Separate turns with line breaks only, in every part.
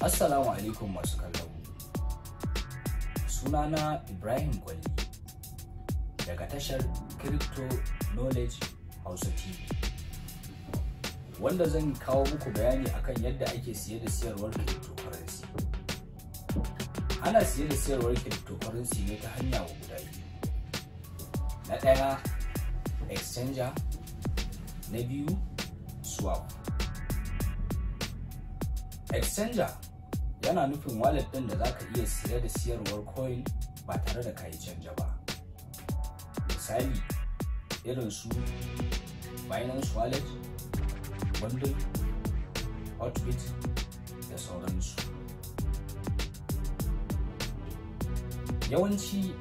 Assalamu alaikum masu kallon Sunana Ibrahim kwalli daga tashar Crypto Knowledge Hausa TV. Wanda zan kawo muku bayani akan yadda ake siye da siyarwar cryptocurrency. Ana siye da siyarwar cryptocurrency ne ta hanya guda biyu. Na ɗaya exchanger, na biyu swap. Exchanger yana nufin wallet ɗin da za ka iya siya da siyarwar coin ba tare da kayi canja ba misali irin su binance wallet bundle hotbit da sauransu yawanci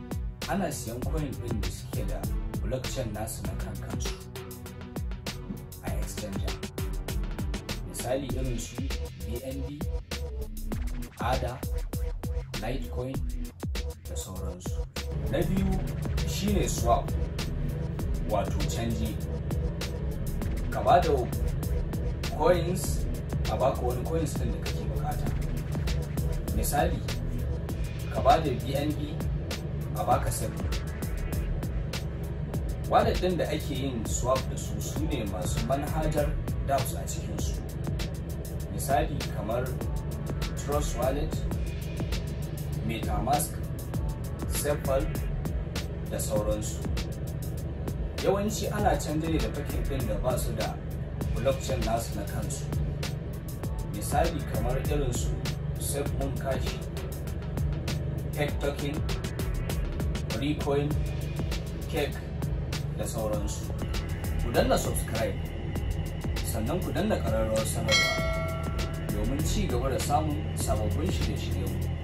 ana siyan coin ɗin da suke da blockchain nasu na kankansu misali irin su bnb ada litecoin da sauransu na biyu shine swap wato canji ka ba da coins a baka wani coins din da kake bukata misali ka ba da bnb a baka 7 wallet ɗin da ake yin swap da su su ne masu manhajar dapps a cikinsu misali kamar trust wallet metamask sepal da sauransu yawanci ana canza ne da fakin ɗin da ba su da blockchain nasu na kansu misali kamar irin su kashi Cash, Tech Token, Recoin, Cake da sauransu ku danna subscribe sannan ku danna ƙararrawar sanarwa domin ci gaba da samun sababbin shirye-shiryenmu